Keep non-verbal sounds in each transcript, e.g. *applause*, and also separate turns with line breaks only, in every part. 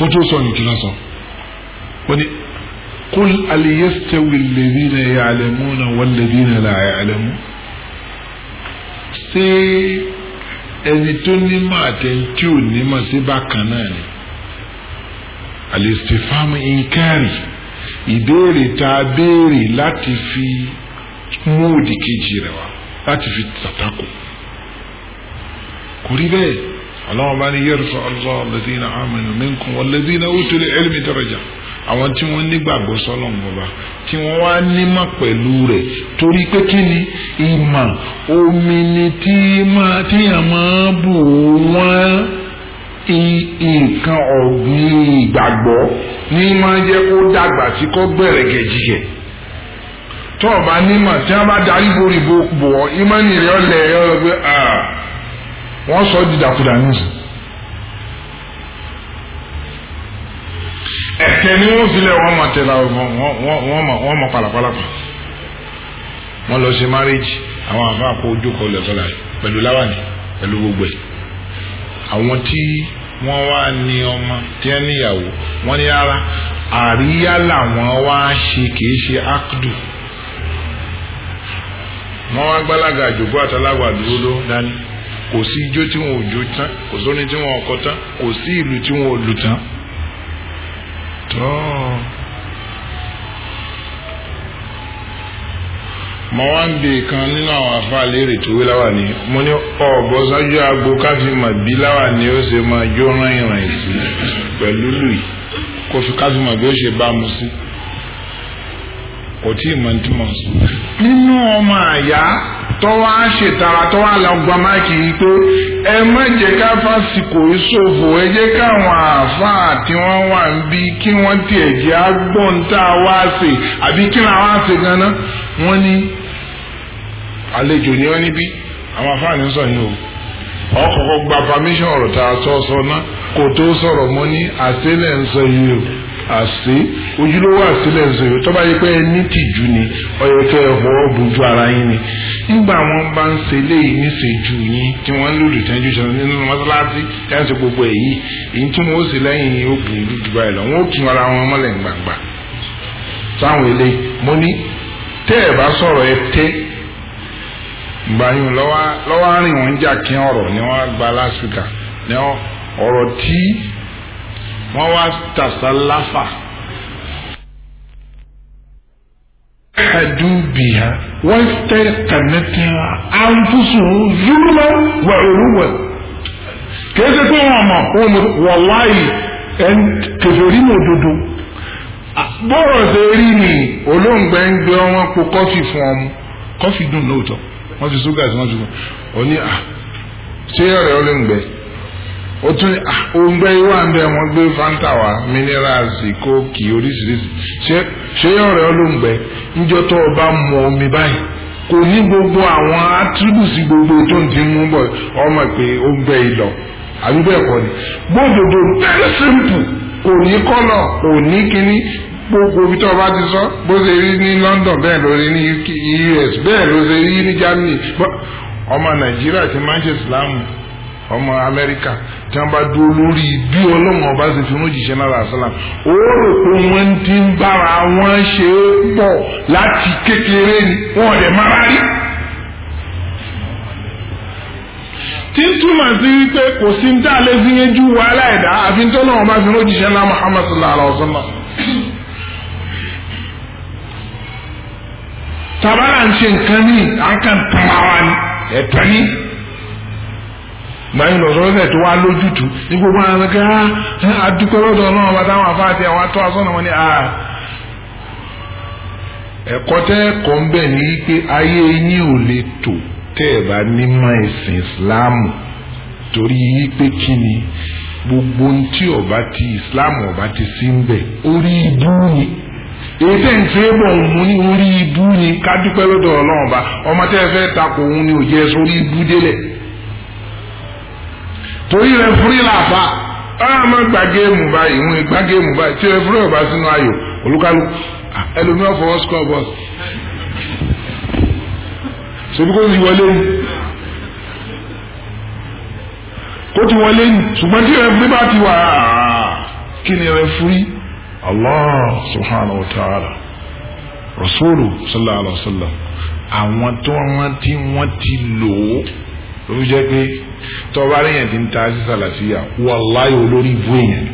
kó tó sọ yìí kíná sọ ó ní kul aliyastawi alladhina ya'lamuna walladhina la ya'lamun ṣé ẹni tó nímọ̀ àtẹ̀ntì ò nímọ̀ sí bákan náà ni alistifamu inkari ìbéèrè tá béèrè láti fi mú kejì rẹ̀ wá láti fi tàtàkù kò rí bẹ́ẹ̀ ọlọ́wọ́n bá ní yẹ́rùsọ ọlọ́wọ́ lẹ́dínà àmàlù minkum wọ́n lẹ́dínà utul ilmi daraja àwọn tí wọ́n nígbàgbọ́ sọ́lọ́mù ọba tí wọ́n wá nímọ̀ pẹ̀lú rẹ̀ torí pé kí ni ìmọ̀ omi ni tí yàn máa bù wọ́n nǹkan ọ̀gbìn ìgbàgbọ́ ní máa jẹ́ kó dàgbà sí kó bẹ̀rẹ̀ gẹ̀jìgẹ̀ tọ́ọ̀bá nímọ̀ tí wọ́n bá darí borí bo bọ̀ ìmọ̀ nìrẹ́ ọ̀lẹ́ ọ̀gbẹ́ àà wọ́n sọ dìdàkudà nísì. ẹ̀kẹ́ ni wọ́n filẹ̀ wọ́n mọ̀ tẹ̀lé wọ́n mọ̀ pàlàpàlàpà wọ́n lọ sí márẹ́jì àwọn àfa kó ojú kọ lẹ́kọ́lá pẹ̀lú láwàní pẹ̀lú gbogbo ẹ̀ àwọn tí wọ́n wá ní ọmọ tí wọ́n níyàwó wọ́n ní rárá àríyá làwọn wá ṣe kìí ṣe ákùdù wọ́n wá gbálága àjòkó àtàlágbà dúró dání kò sí ijó tí wọn ò jó tán kò sórin tí wọn ò kọ tán kò sí ìlú tí wọn ò lù tán tó. mo wá ń de kan nínú àwọn afáà léèrè tó wé láwà ní mo ní ọ̀bọ sájú agbo ká fi mọ̀ bí láwà ní ó ṣe máa jó rán ìrìn sí pẹ̀lú lùì kó fi ká fi mọ̀ bí ó ṣe bá mu sí kò tí ì mọ̀ ní tí mo sọ. nínú ọmọ àyà. tọwa a ṣètara tó wá lọ gba máìkì pé ẹ má jẹ́ ká fásikò ìṣòfò ẹ jẹ́ káwọn àáfàá tí wọ́n wà ń bí kí wọ́n tiẹ̀ jẹ́ agbọ́n tá a wá ṣe àbí kí ni àwọn àṣe ganan wọ́n ní àlejò ni wọ́n níbí àwọn àáfàá o ọkọ̀ọ̀kọ̀ gba permission ọ̀rọ̀ tá a sọ sọ ná kò tó sọ̀rọ̀ mọ́ ní àṣẹ lẹ́ ń sọ yìí o àṣẹ ojúlówó àṣẹ lẹ́ ń sọ nígbà wọn bá ń ṣe léyìí níṣẹ́jú yín tí wọ́n lòlù tẹ́jú ṣẹlẹ̀ nínú mọ́sálásí tí wọ́n ṣe gbogbo èyí èyí tí wọ́n ó sì lẹ́yìn obìnrin dúdú báyìí lọ wọ́n ó tún ara wọn mọ́lẹ̀ gbàgbà sáwọn ilé mo ní tẹ́ ẹ̀ bá sọ̀rọ̀ ẹ tẹ́ gbàyàn lọ́wọ́ àárín wọn jà kí ọ̀rọ̀ ni wọ́n gba lásìkò ní ọ̀rọ̀ tí wọ́n wá tàṣà láfà أدوبها واستيقنتها أنفسهم ظلما وعلوا kìí ṣe pé wọn mọ wọn mọ wọláì kẹfẹrí mọ òdodo bọ́rọ̀ ṣe rí ni olóńgbẹ ń gbé wọn po kọ́fì fún ọmọ kọ́fì dùn lóòótọ́ wọ́n fi ṣúgà sí wọ́n ti fún ọ ní à ṣé ọ̀rẹ́ olóńgbẹ otu tún òǹgbẹ ah, wà ń bẹ wọn minerals kóòkì orisirisi ṣé ṣé ọ̀rẹ́ olóǹgbẹ níjọ́ tó o kò gbogbo àwọn attributes gbogbo tó ń ti mú bọ̀ ọmọ pé òǹgbẹ ìlọ àbí ni gbódòdó very simple kò ní kọ́lọ̀ kò ní kíní gbogbo ti sọ London bẹ́ẹ̀ ló rí ní US bẹ́ẹ̀ ló ṣe rí ní Germany ọmọ ọmọ amẹ́ríkà tí wọ́n bá dúró lórí bí ọlọ́run ọba ṣe fi rún jíṣẹ́ náírà sálàm ó rò pé wọ́n ti ń bára wọn ṣe é pọ̀ láti kékeré ni wọ́n dẹ̀ máa rí. tí ń túmọ̀ sí wípé kò sí ń dá lé yẹn ju wàhálà ẹ̀dá àfi tó náà ọba fi rún jíṣẹ́ náà Muhammad sallallahu alayhi wa sallam. tàbá là ń ṣe nǹkan ní à ń kàn tàwa ni ẹ̀tọ́ ni. gbàyìn lọ́sọ̀rọ̀ fẹ̀ tó wá lójútu ní gbogbo ah, àwọn ẹ̀ka àdúpẹ́ lọ́dọ̀ náà bá táwọn afáàtì àwọn wọn ni a. Ah. ẹ̀kọ́ tẹ́ ẹ̀kọ́ ń bẹ̀ ní pé ayé yín ò lè tò tẹ́ ẹ̀ bá ìsìláàmù torí pé kí ni gbogbo ohun tí ọba ti ìsìláàmù ọba ti sí ń bẹ̀ orí ni bọ̀ ní orí ibú ni ọba ọmọ tẹ́ ẹ fẹ́ takò ni ò jẹ́ sórí ibú délẹ̀ torí rẹ fúrí làbá ọ̀rọ̀ máa gba géèmù báyìí ìmú ìgbà géèmù báyìí tí rẹ fúrí ọ̀bá sínú ayò olúkálù ah, ẹlòmíràn fọwọ́ score box ṣebí kó ti wọlé ní kó ti wọlé ní ṣùgbọ́n tí rẹ fúrí bá ti wà ah, kí ni rẹ fúrí Allah subhanahu wa ta'ala rasulu sallallahu alaihi wa sallam àwọn tó wọn tí wọn ti lò ó ló fi jẹ́ pé tọ́ba aríyàn ti ń ta sí sàlàfíà wàláhì olórí ibú èèyàn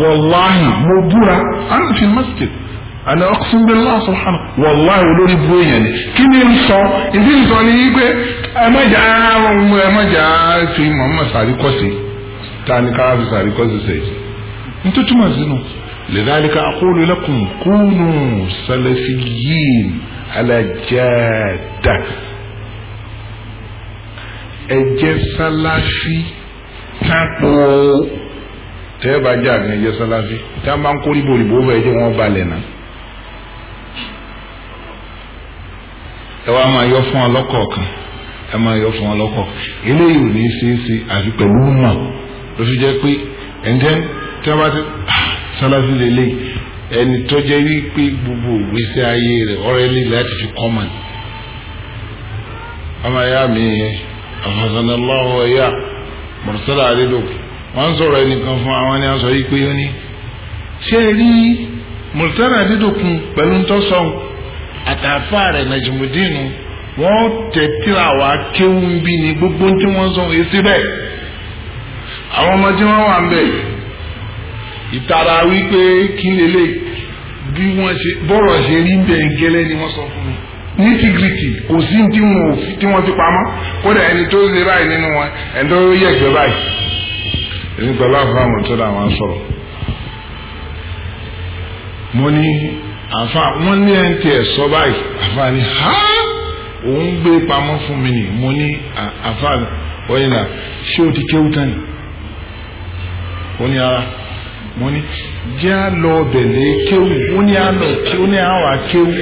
wàláhì mo búra àná fi masjid àná ọ̀kùnrin bẹ́ẹ̀ lọ́wọ́ sọ̀rọ̀ wàláhì olórí ibú èèyàn ni kí ni n sọ ìdí n sọ ni yí pé ẹ má jà ẹ má jà fi Muhammad sàrí kọ́sì tá ká fi sàrí kọ́sì sẹ́yìn nítorí túmọ̀ sínú. لذلك أقول لكم كونوا سلفيين على جادة ẹ̀jẹ̀ sálásí tápọ̀ tẹ́ẹ̀bà jáàgùn ẹ̀jẹ̀ sálásí tá a máa ń kó ríbo òrìbó bẹ̀ ẹ̀jẹ̀ wọn balẹ̀ náà. ẹ wá máa yọ fún ọlọ́kọ̀ọ̀kan ẹ máa yọ fún ọlọ́kọ̀ọ̀kan eléyìí ò ní í ṣeé ṣe àti pẹ̀lú mọ̀ ló fi jẹ́ pé ẹ̀ńtẹ́ tí wọ́n bá ti ah, sálásí lélẹ́yìí ẹni tó jẹ́ wípé gbogbo ìgbésí ayé rẹ̀ ọ̀rẹ́ láti fi kọ́ mọ̀ ọmọ ya mi yẹn àfàsànà lọ́wọ́ ẹ̀yà mọ̀tòsọ́lá àdédòkù wọ́n sọ̀rọ̀ ẹnìkan fún àwọn ni wọ́n sọ yìí pé ó ní ṣé rí mọ̀tòsọ́lá àdédòkù pẹ̀lú ntọ́sọ̀n àtàfà rẹ̀ nàìjíríà wọ́n tẹ̀tìrà wá kéwù bí ni gbogbo tí wọ́n sọ èsì bẹ́ẹ̀ àwọn ọmọ tí wọ́n wà ń bẹ̀ ìtara wípé kí lélẹ̀ bí wọ́n ṣe bọ́rọ̀ ṣe rí bẹ́ẹ̀ gẹ́lẹ́ ni wọ́n sọ fún mi nítìgìrìtì kò sí tí wọn ò fi tí wọn ti pamọ́ kódà ẹni tó ṣe báyìí nínú wọn ẹni tó yẹ gbẹ báyìí èmi pẹ̀lú àfáàmù tó dà wọn sọ̀rọ̀ mo ní àfa wọn ní ẹni tí ẹ sọ báyìí àfa ni ha òun gbé pamọ́ fún mi ni mo ní àfa ọ̀yìnlá ṣé o ti kéwú tán ni ó ní ara mo ní jẹ́ àlọ́ ọbẹ̀ lé kéwù ó ní àlọ́ kéwù ó ní àwà kéwù.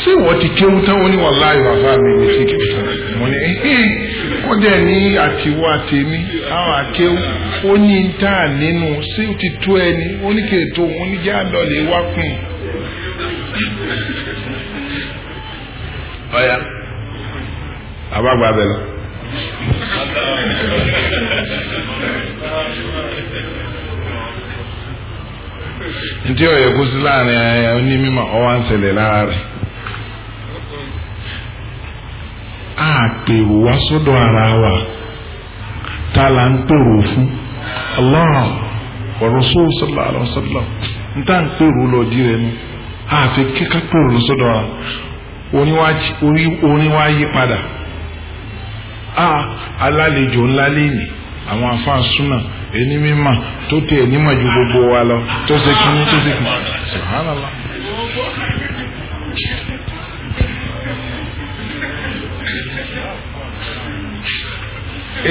ṣé wọ́n ti kéwù tán ó ní wọ́n láàyò àfa mi ní sí kéwù tán mo ní ó dẹ̀ ní àtiwọ́ àtẹ̀mí àwà kéwù ó ní tá a nínú ṣé ó ti tó ẹni ó ní kí ètò òun ní jẹ́ àlọ́ lè wá kùn. ọ̀ya. Oh, yeah. àbágbà ndị lọ. nti ọyọ kusi láàrin ẹ ní mímọ ọwọ ń a pèrò wá ara wa ta la ń pèrò fún Allah wa Rasul sallallahu alaihi wasallam n ta ń a fi kíkà pèrò wa orin wa yí padà. a alálejò ńlá lẹ́yìn àwọn afáà súnà ẹni mímà tó tẹ ẹni mà ju gbogbo wa lọ tó ṣe kíní tó ṣe kíní subhanallah.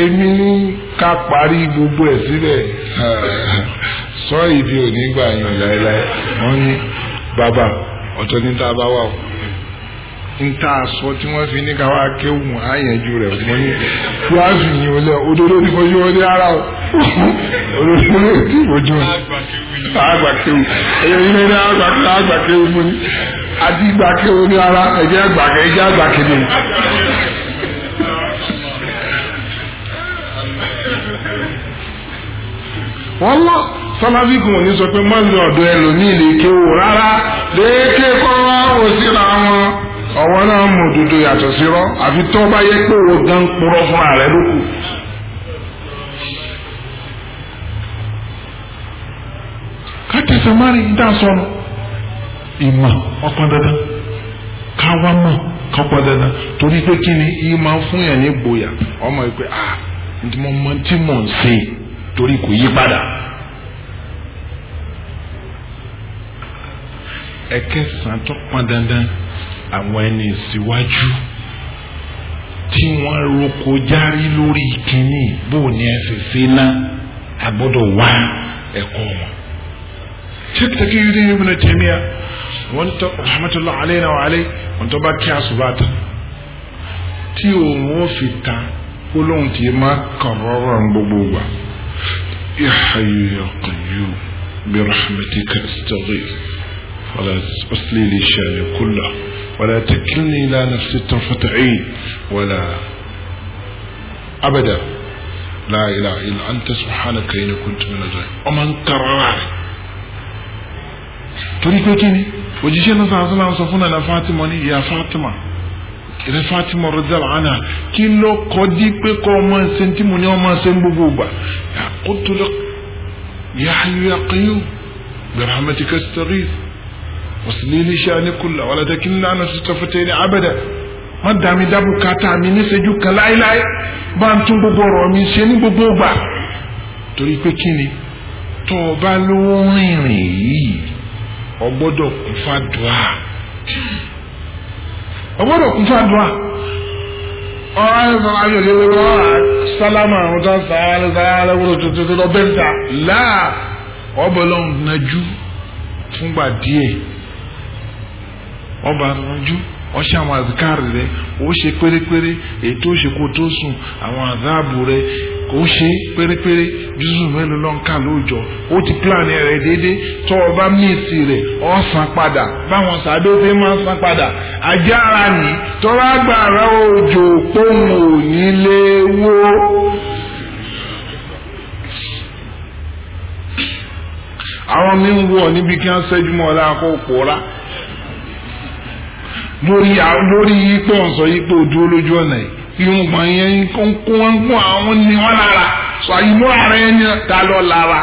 èmi ní ká parí gbogbo ẹ̀ sílẹ̀ sọ ìdí òní gbà yàn láéláé wọ́n ní bàbá ọ̀tọ̀ ní tá a bá wà o nta sọ tí wọ́n fi ní káwá kéwù àyànjú rẹ̀ mo ní fúláṣì yìí ó lẹ *laughs* òdodo ní fojú wọn ní ara o òdodo ní ètí ìfojú wọn àgbà kéwù ẹyẹ ilé ní àgbà kéwù mo ní àti ìgbà kéwù ní ara ẹjẹ àgbà ẹjẹ àgbà kéwù. wọ́n lọ sọlábìkù wọ́n ní sọ pé mọ́lì ọ̀dọ́ ẹlòmíì lè kéwù rárá lè kékọ́ òsínà wọn. ọwọ́ náà mọ òdodo yàtọ̀ sí rọ́ àfi tó bá yẹ pé wo gan purọ́ fúnra rẹ ló kù. dá ìmọ̀ dandan káwa mọ̀ kọ́pọ̀ dandan torí pé kí ni fún yẹn ní ọmọ yìí pé ah ntí mo mọ tí mò ń torí kò yí padà. ẹ̀kẹ́ àwọn ẹni síwájú tí wọ́n roko járí lórí kínní bó ni ẹ sì sí ná a gbọ́dọ̀ wá ẹ̀kọ́ wọn. sheikh taki yìí ní ibùdó tèmíà wọn tó rahmatulah aleyna wa aley wọn tó bá kí asubata tí òun ó fi ta olóhùn tí ma kàn rọrọ gbogbo wa. ya hayyu ya qayyum bi rahmatika astaghith. ولا تسبس لي لشأن كله ولا تكلني إلى نفس الطرفة عين ولا أبدا لا إله إلا أنت سبحانك إن كنت من الظالمين ومن كرهني تريد كيني وجيش النساء صلى الله عليه فاطمة يا فاطمة ilé fatima rizal ana kí ló kọjí pé kọ ọmọ ẹsẹ tí mo ní ọmọ ẹsẹ gbogbo gbà yà kó tó lọ wasilili shani kula wala takinna na sitafuteni abada má dàmí dábùkátà mi níṣẹ́jú kan láéláé bá ń tún gbogbo ọ̀rọ̀ mi ṣe gbogbo ìgbà torí pé kí ni tó o bá lówó rìnrìn yìí o gbọ́dọ̀ kún fàdúà o gbọ́dọ̀ kún fàdúà ọ̀rọ̀ ẹ̀sán ayọ̀lẹ̀ wíwọ́ sálámà àwọn tó ń sàárẹ̀ wúlò tuntun lọ bẹ́ẹ̀ ta láà nájú fúngbà díẹ̀. ọba àrùnjú ọṣẹ àwọn àzikárì rẹ ó ṣe pérépéré èyí tó ṣe kó tó sùn àwọn àzáàbù rẹ kò ṣe pérépéré jùsù mélòó ló ń kà lóòjọ́ ó ti pílànì rẹ déédéé tó o bá míìsì rẹ ọ san padà báwọn sàdó fi máa san padà ajá ara tọ́lá gbàrà òjò pòun ò ní lé wó. àwọn mi ń wọ níbi kí wọ́n ṣẹ́jú mọ́ ọ lára kó pòórá lórí lórí pé wọ́n sọ yìí pé o dúró lójú ọ̀nà yìí irun gbọ̀n yẹn kó wọ́n gún àwọn ni wọ́n lára sọ ìmúra rẹ̀ yẹn dá lọ lára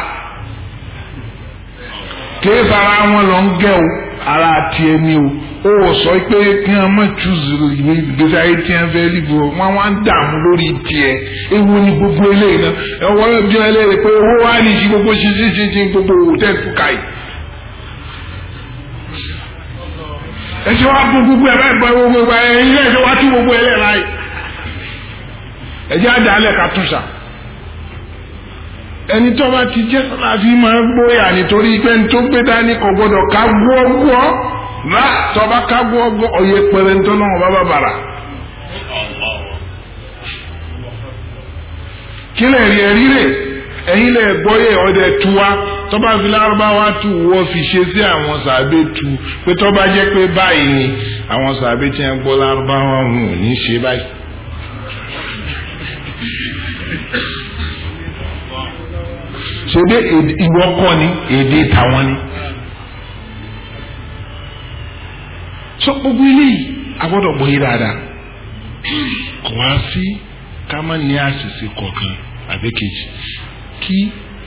kìí fara wọn lọ ń gẹ o ara tiẹ̀ ni o ó wọ sọ pé kí wọ́n má túzù ìgbésí ayé tí wọ́n fẹ́ líbu ọ wọ́n wá ń dààmú lórí tiẹ̀ ewu ni gbogbo eléyìí náà ẹ wọ́n bí wọ́n léèrè pé owó wá ní ìṣí gbogbo ṣíṣíṣí gbogbo òtẹ́ẹ̀kù káyìí. ẹsẹ̀ wa bú gbogbo ẹ̀ bẹ́ẹ̀ bọ́ gbogbo ẹ̀ ilé ẹsẹ̀ wa tú gbogbo ẹ̀ lẹ̀ láyé ẹjẹ́ àdàlẹ̀ ká túnṣà ẹni tó bá ti jẹ́ láti máa gbóyà nítorí pé ní tó gbé dání kò gbọdọ̀ ká gbọ́gbọ́ rà tó bá ká gbọ́gbọ́ ọ̀yẹ́ pẹ̀rẹ̀ ní tó náà bá bá bàrà. kílẹ̀ rí ẹ rí rè ẹ̀yin lè gbọ́yè ọdẹ tuwa tó bá fi lárúbáwá tù wọ́n fi ṣe sí àwọn sàbẹ̀ tu pé tó bá jẹ́ pé báyìí ni àwọn sàbẹ̀ tí wọ́n gbọ́ lárúbáwá wọn ò ní ṣe báyìí. ṣebí ìwọ kọ́ ni èdè tàwọn ni. sọ gbogbo eléyìí a gbọ́dọ̀ gbọ́ yìí dáadáa kò wá sí ká má ní àṣìṣe kọ̀ọ̀kan àbẹ́kejì kí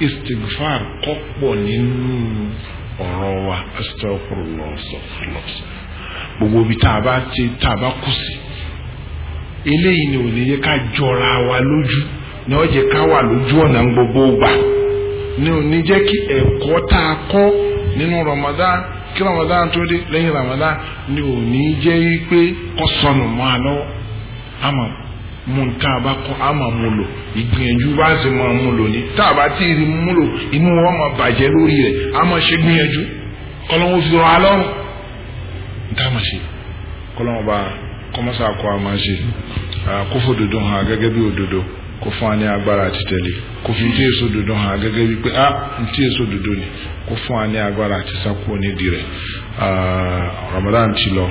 istigfar kọpọ nínú ọ̀rọ̀ wa astagfirullah astagfirullah gbogbo ibi tá a bá ti tá a bá kù sí eléyìí ni ò ní yẹ ká jọra wa lójú ní ká wà lójú ọ̀nà gbogbo gbà ní ò ní jẹ́ kí ẹ̀kọ́ tá a Ramadan kí Ramadan tó dé Ramadan ni ò ní jẹ́ pé kó mọ́ mú nǹkan àbákọ́ á máa mú lò ìgbìyànjú bá sì máa mú lò ní tá a bá tí ì rí mú lò inú wọn máa bàjẹ́ lórí rẹ̀ á máa ṣe gbìyànjú fi rọ̀ alọ́run tá a máa ṣe kọ́lọ́wọ́ bá kọ́mọ́sá kọ́ a ṣe dodo hàn gẹ́gẹ́ bí òdodo dodo dodo ni ti lọ.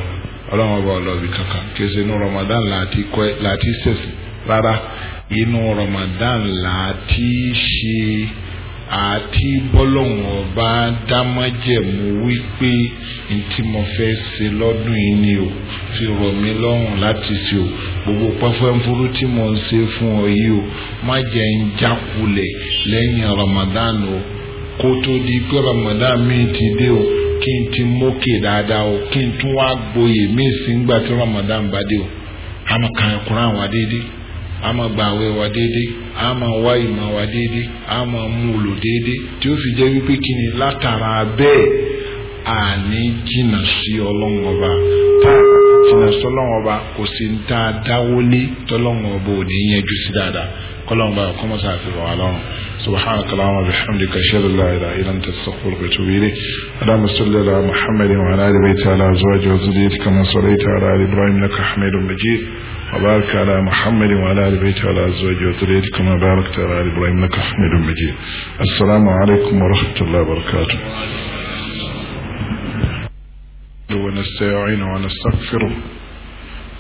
ọlọ́run ọba ọlọ́bi kankan kèsì inú Ramadan láti kọ́ láti sẹ̀sì rárá inú Ramadan láti ṣe àti bọ́lọ́hún ọba dámájẹ̀mú wípé ntí mo fẹ́ ṣe lọ́dún yìí ni o fi rọ̀ mí lọ́rùn láti ṣe o gbogbo pẹ́fẹ́fúrú tí mo ń ṣe fún ọ yìí o má jẹ́ ń jákulẹ̀ lẹ́yìn Ramadan o kó tó di pé Ramadan mi ti dé o kí n ti mókè dáadáa o kí n tún wá gboyè míì sí ń gbà tí Ramadan bá dé o a máa ka Kùránì wa a máa gba àwẹ̀ wa déédéé a máa wá ìmọ̀ a máa mú lò déédéé tí ó fi jẹ́ wípé kí ni látara bẹ́ẹ̀ a ní قلنا بقى كما سافر وعلام سبحانك اللهم بحمدك أشهد لا إله إلا أنت استغفر أستغفرك وأتوب إليك اللهم صل على محمد وعلى آل بيته على أزواج وزريته كما صليت على آل إبراهيم إنك حميد مجيد وبارك على محمد وعلى آل بيته على أزواج وزريته كما باركت على آل إبراهيم إنك حميد مجيد السلام عليكم ورحمة الله وبركاته ونستعين ونستغفره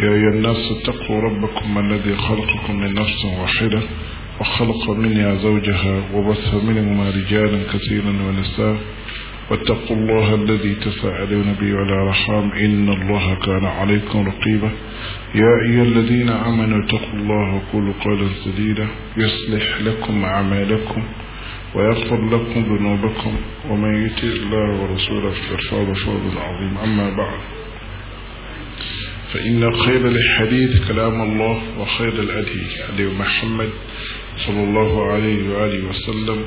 يا أيها الناس اتقوا ربكم الذي خلقكم من نفس واحدة وخلق منها زوجها وبث منهما رجالا كثيرا ونساء واتقوا الله الذي تساءلون به رحام إن الله كان عليكم رقيبا يا أيها الذين آمنوا اتقوا الله وقولوا قولا سديدا يصلح لكم أعمالكم ويغفر لكم ذنوبكم ومن يطع الله ورسوله فقد فاز فوزا عظيما أما بعد فإن خير الحديث كلام الله وخير الأدي هدي محمد صلى الله عليه وآله وسلم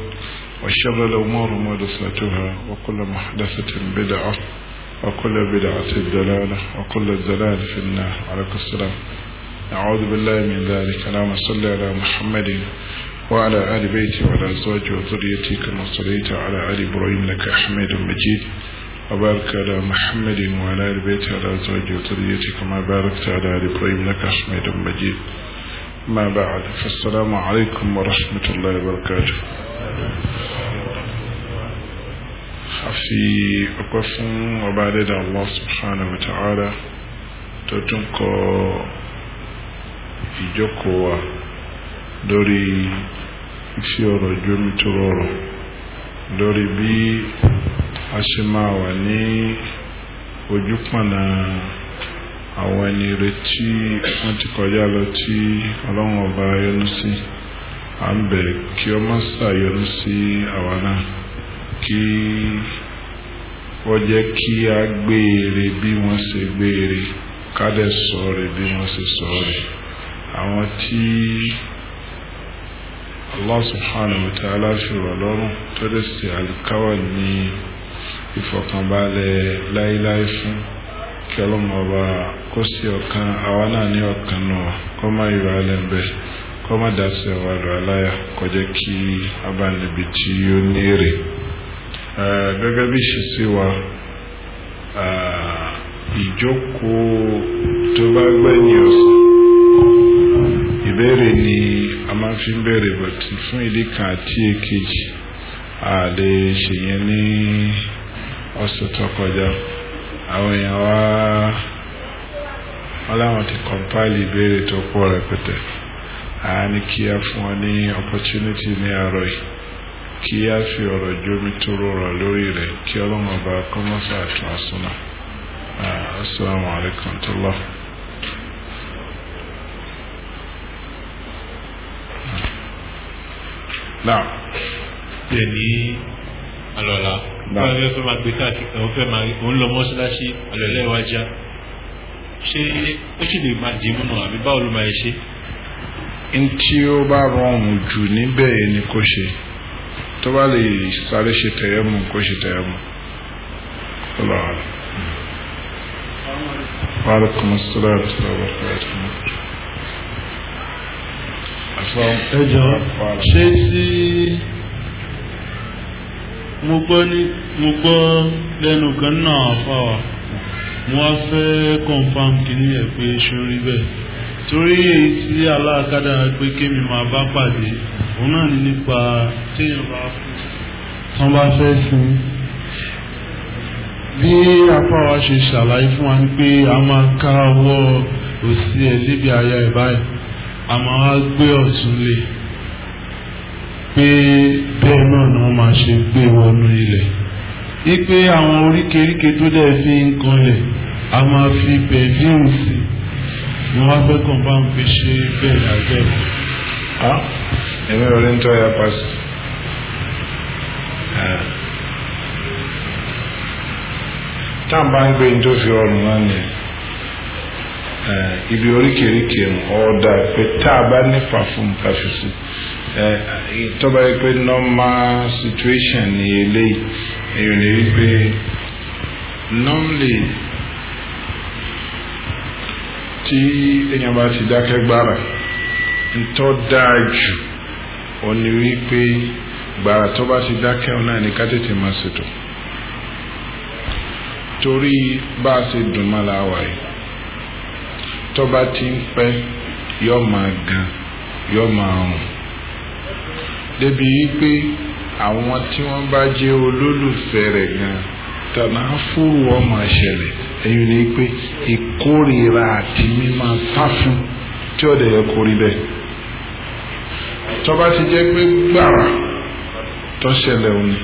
وشر الأمور محدثاتها وكل محدثة بدعة وكل بدعة الدلالة وكل الدلالة في النار عليكم السلام أعوذ بالله من ذلك اللهم صل على محمد وعلى آل بيته وعلى أزواجه وذريته كما صليت على آل إبراهيم لك حميد مجيد وبارك على محمد وعلى آل بيته وعلى أزواجه وذريته كما باركت على آل إبراهيم إنك حميد مجيد ما بعد فالسلام عليكم ورحمة الله وبركاته في أقف fún الله سبحانه وتعالى subhanahu في ta'ala دوري في kọ ìjókòó wa دوري بي a ṣe máa wà ní ojúpọ̀nà àwọn ẹni retí wọ́n ti kọjá lọ tí ọlọ́run ọba yọ́nú sí à ń bẹ̀ kí ọ má ṣàyọ́nú sí àwa náà kí wọ́n jẹ́ kí a gbé bí wọ́n ṣe gbé ère ká bí wọ́n ṣe àwọn tí rọ̀ ìfọ̀kànbalẹ̀ láíláí fún kí ọlọ́run ọba kó sí ọ̀kan àwa náà ní ọ̀kan náà kọ́ má yọ alẹ́ bẹ́ kọ́ má dásẹ̀ wà lọ aláyà kọjá kí abánibí tí ó ní èrè gẹ́gẹ́ bí ṣe sí wa ìjókòó tó bá gbẹ̀yìn ọ̀sán ìbéèrè ni a máa fi ń béèrè bọ̀tí fún ìdí kan àti èkejì a lè ṣèyẹn ní ọ̀sẹ̀ tó kọjá àwọn èèyàn wá wọn láwọn ti kọ̀ǹpáìlì ìbéèrè tó pọ̀ rẹpẹtẹ a ní kí a fún ọ ní opportunity ní àárọ̀ yìí kí a fi ọ̀rọ̀ jómi tó rọrọ̀ lórí rẹ̀ kí ọlọ́run ọba kọ́mọ́sà àtún àsúná asalaamu alaykum tó lọ. náà bẹ́ẹ̀ ni alọ́la báwo ni wọ́n fẹ́ máa gbé káàkiri òun fẹ́ máa òun lọ mọ́ṣáláṣí àlọ́lẹ́ ìwájà ṣé ó sì lè máa dì í múnà àbí báwo ló máa ṣe. n tí ó bá rọrùn jù níbẹ̀ yẹn ni kò ṣe tó bá lè sáré ṣe tẹ̀yẹ́ mu kó ṣe tẹ̀yẹ́ mu. وعليكم السلام ورحمة الله وبركاته ẹjọ ṣé tí mo gbọ́ ní mo gbọ́ lẹ́nu kan náà fáwà wọ́n fẹ́ confam kìíní ẹ̀ pé sórí bẹ́ẹ̀ torí èyí tí aláàkádà pé kémi máa bá pàdé òun náà ní nípa téèyàn bá fún tán bá fẹ́ sin bí afáwa ṣe ṣàlàyé fún wa ni pé a máa ká ọwọ́ òsì ẹ̀ lébi àyà ẹ̀ báyìí a máa gbé ọ̀tún lé e. pé bẹ́ẹ̀ náà ni wọ́n máa ṣe gbé wọnú ilẹ̀ wípé àwọn oríkèéríkèé tó dẹ̀ fi ń kanlẹ̀ a máa fi pẹ̀fíìmù sí ni wọ́n fẹ́ kàn bá ń fi ṣe bẹ́ẹ̀ lábẹ́ẹ̀. a ẹ̀mí ń tọ́ ya pàṣẹ. tá à ń bá ń gbé tó fi ọrùn náà ibi oríkèéríkèé ọ̀ọ́dà pé tá a bá Eh, eh, tọ́ba yẹ pé normal situation ni eléyìí èèyàn lè rí normally tí èèyàn bá ti dákẹ́ gbára ntọ́ dáa jù ó ní wípé gbàrà tó ti dákẹ́ ọ̀nà ní ká máa ṣètò torí bá a ṣe dùn mọ́ láwa yìí tó ti ń pẹ́ yọ máa gan yọ máa rùn débi wípé àwọn tí wọ́n bá jẹ́ olólùfẹ́ rẹ̀ gan tànà fúru ọmọ ṣẹlẹ̀ ẹ̀yìn ni pé ìkórìíra àti mímọ̀ sáfún tí ó dẹ̀ yẹ kó rí bẹ́ẹ̀ tọ́ba ti jẹ́ pé gbàrà tó ṣẹlẹ̀ òní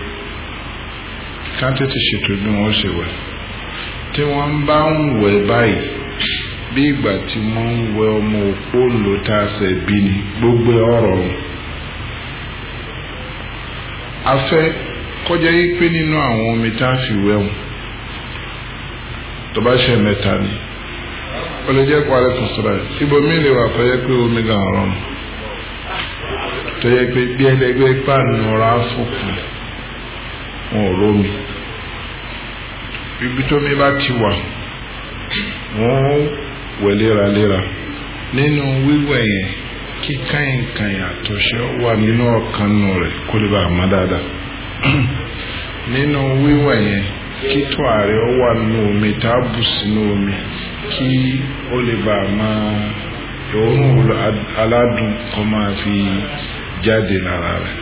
ká tètè ṣètò bí wọ́n ṣe wẹ̀ tí wọ́n bá ń wẹ̀ báyìí bí ìgbà tí wọ́n ń wẹ ọmọ òpó lò bí ni gbogbo ọ̀rọ̀ ọ̀hún afẹ́ kọjá yí pé nínú àwọn omi tá a fi wẹ̀ wọ́n tó bá ṣe mẹ́ta ni ó lè jẹ́ parí kùsùrà ibo mi lè wà tọ́jẹ́ pé omi gan ọ̀rọ̀ mu tọ́jẹ́ pé bí ẹlẹ́gbẹ́ pàánù ra fòkù wọn ò rómi ibi tómi bá ti wà wọ́n wẹ̀ léraléra nínú wíwẹ̀ yẹn kí káyìnkan àtúnṣe wà nínú ọ̀kan nù rẹ̀ kó lè bá a má dáadáa *clears throat* nínú wíwẹ̀ yẹn kí tùwàrí ó wà nínú omi tá a bù sínú omi kí ó lè bá a máa òórùn aládùn kan máa fi jáde lára rẹ̀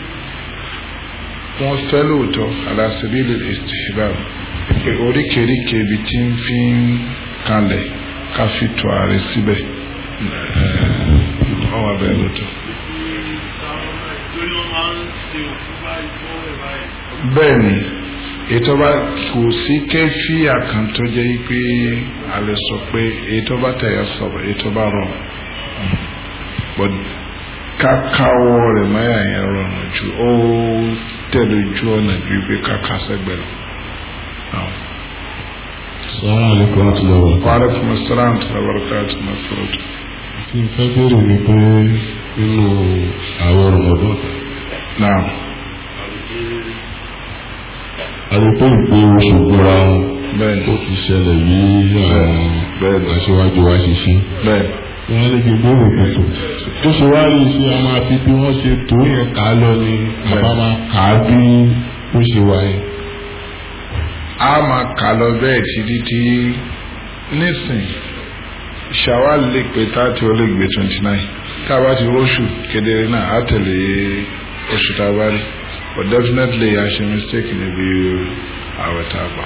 wọ́n fẹ́ lóòótọ́ alásèbílẹ̀ istihbab pé oríkèéríkèé ibi tí ń fi ń kalẹ̀ ká fi tùwàrí síbẹ̀ wà bẹ́ẹ̀ lóòótọ́. bẹ́ẹ̀ ni ètò bá kò sí kẹfíà kan tó jẹ́ pé a lè sọ pé ètò bá tẹ̀yà sọ̀rọ̀ ètò bá rọ̀ but kákáwọ́ rẹ̀ máyà yẹn rọrùn ju ó tẹ̀lé ju ọ̀nà ju pé káká sẹ́gbẹ̀ lọ. Assalamu alaikum wa rahmatullahi wa barakatuh. Wa alaikum assalam wa
kí n fẹ́ bèrè ni pé nínú
àwọn ọ̀rọ̀mọ̀dún náà àdìpé ìpè oṣù gbọ́ra ó ti ṣẹlẹ̀ bí àwọn aṣíwájú wa ṣe ṣe wọ́n lè gbé bóòlù tuntun tó ṣe wá rí sí a máa fi bí wọ́n ṣe tó yẹn kà á lọ ni bàbá máa kà á bí ó ṣe wá yẹn. a máa kà lọ bẹ́ẹ̀ títí tí nísìnyí shawal lig pé thirty ó lè gbé twenty nine tá a bá ti róṣù kedere náà á tẹ̀lé oṣù tá a bá rí but definitely a ṣe mistake níbi àwẹ̀ tá a gbà.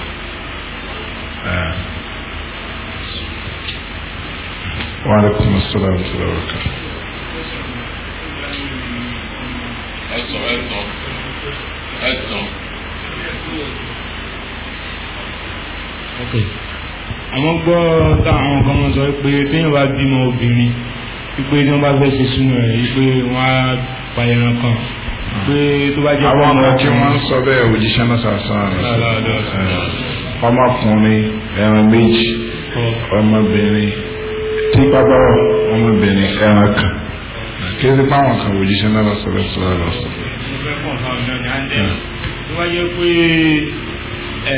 wa alaikum assalam wa rahmatullahi wa barakatuh. ẹ̀sán okay àmọ́ gbọ́ táwọn kan sọ pé téèyàn bá bímọ obìnrin pé tí wọ́n bá fẹ́ ṣe súnú rẹ̀ pé wọ́n á pa ẹran kan pé tó bá jẹ́ àwọn ọmọ tí wọ́n ń sọ bẹ́ẹ̀ òjíṣẹ́ náà sàṣàn rẹ̀ ọmọkùnrin ẹran méjì ọmọbìnrin tí bábá ọmọbìnrin ẹran kan kí ẹsẹ̀ báwọn kan òjíṣẹ́ náà sọ̀rọ̀ sọ̀rọ̀ sọ̀rọ̀. mo Eh,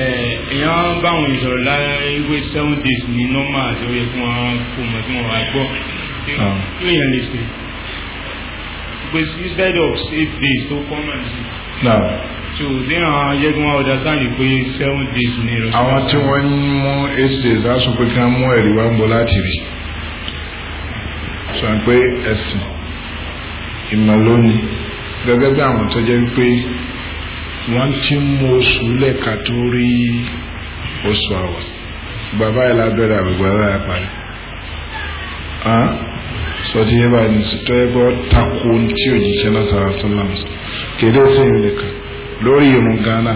èèyàn báwọn ìṣòro lára ìwé seven days ní nọ́mà àti oyè fún wọn kò mọ̀ tí wọ́n wá gbọ́ ah. kí èèyàn lè ṣe gbèsè instead of eight days tó common sí. so déhàn ayé kí wọ́n understand pé seven days ní ìrọ̀lẹ́. àwọn tí wọ́n ń mú eight days á sọ pé kí wọ́n mú ẹ̀rí wá ń bọ̀ láti rí sọ pé ẹ̀sìn ìmọ̀ gẹ́gẹ́ bí àwọn tó jẹ́ pé wọ́n ti mú oṣù lẹ́ka tó rí oṣù àwọ̀ bàbá yìí lábẹ́rẹ́ àgbègbè láyà parí sọtí yẹ báyìí ní sọtọ́ yẹ bọ́ tako tí òjìṣẹ́ náà sọ̀rọ̀ sọ́làmù kéde sí ìrìn nìkan lórí irun ghana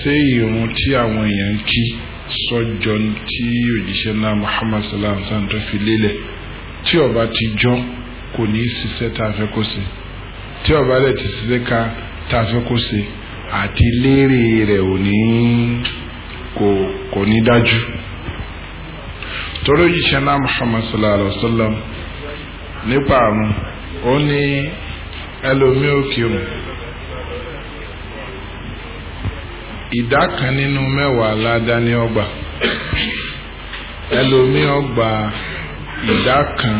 ṣé irun tí àwọn èèyàn kí sọ́jọ́ tí òjìṣẹ́ náà Muhammad sọ̀làmù sàn tó fi lélẹ̀ tí ọba ti jọ́ kò ní í ṣiṣẹ́ tá a fẹ́ kó ṣe tí ọba rẹ̀ ti ṣiṣẹ́ ká tá a fẹ́ kó ṣe àti lérè rẹ̀ ò ní kò kò ní dájú torí òjíṣẹ́ náà Muhammad sallallahu wa sallam nípa àrùn ó ní ẹlòmíì ò kírun ìdá kan nínú mẹ́wàá ládá ọgbà ẹlòmíì ọgbà ìdá kan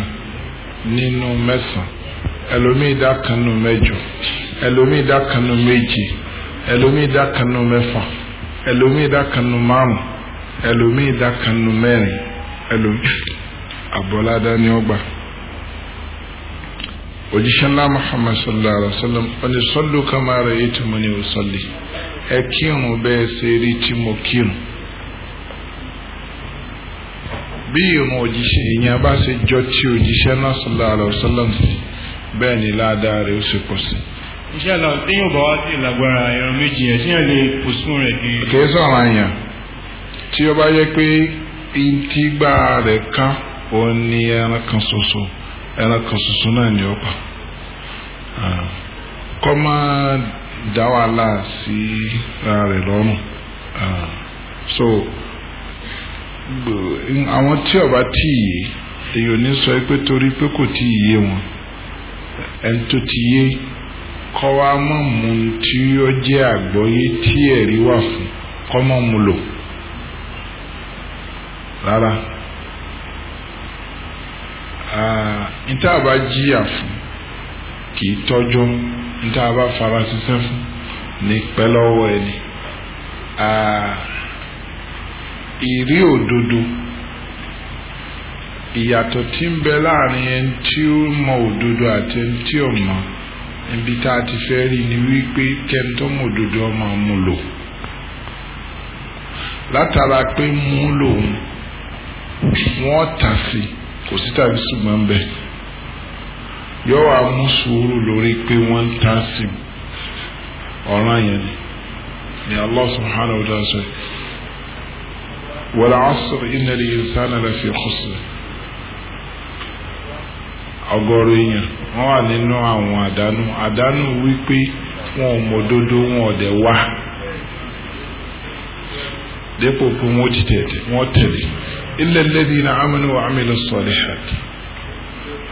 nínú mẹ́sàn-án ẹlòmíì ìdá kan ẹlòmíì dá kan nù mẹ́fà ẹlòmíì dá kan nù márùn ẹlòmíì dá kan nù mẹ́rin ẹlòmíì abọ́ládá *laughs* ni ó gbà òjíṣẹ́ ńlá muhammad sallallahu alayhi wa sallam wọ́n ní sọ́lù kamara ètò mọ́ ni ó ẹ kírun bẹ́ẹ̀ ṣe rí tí mo kírun bí ìrun òjíṣẹ́ èèyàn bá ṣe jọ tí òjíṣẹ́ náà sallallahu alayhi wa sallam bẹ́ẹ̀ ni ládàá rẹ̀ ó ṣe pọ̀ sí i iṣẹ́ lọ tí yóò bọ̀ wá sí ìlàgbára ẹran méjì ẹ̀ síyàn lè pòsún rẹ̀ di. kìí sọ̀rọ̀ àyàn tí ó bá yẹ pé ìtìgbà rẹ̀ kán òun ni ẹran kan ṣoṣo náà ni ó kọ́ máa dá wàhálà sí rẹ̀ lọ́rùn so àwọn tí ọba tí yé èyí ò ní sọ pé torí pé kò tí yé wọn ẹni tó ti yé kọ́ wa mọ̀ mu tí ó jẹ́ àgbọ́yé tí ẹ̀rí wà fún kọ́ mọ̀ mu lò rárá níta bá jìyà fún kì í tọ́jú níta bá fara ṣiṣẹ́ fún ní pẹ́ lọ́wọ́ ẹni ìrí òdodo ìyàtọ̀ tí ń bẹ láàrin ẹni tí ó mọ òdodo àti ẹni tí ò mọ̀ ibi tá a ti fẹ́ rí ni wípé kẹ́ni tó mọ̀ òdodo ọmọ mu lò látara pé mú lòun wọ́n tà sí kò sí tàbí ṣùgbọ́n ń bẹ̀ yóò wá mú sùúrù lórí pé wọ́n ń tà sí ọ̀ràn yẹn ni ni Allah subhanahu wa ta'ala sọ wal asr innal insana lafi khusr. ọ̀gọ̀rọ̀ èèyàn wọ́n wà nínú àwọn àdánù àdánù wípé wọn ò mọ̀dodo wọn ọ̀dẹ̀ wá dépò pé wọ́n ti tẹ̀lé tẹ̀lé wa amilu salihat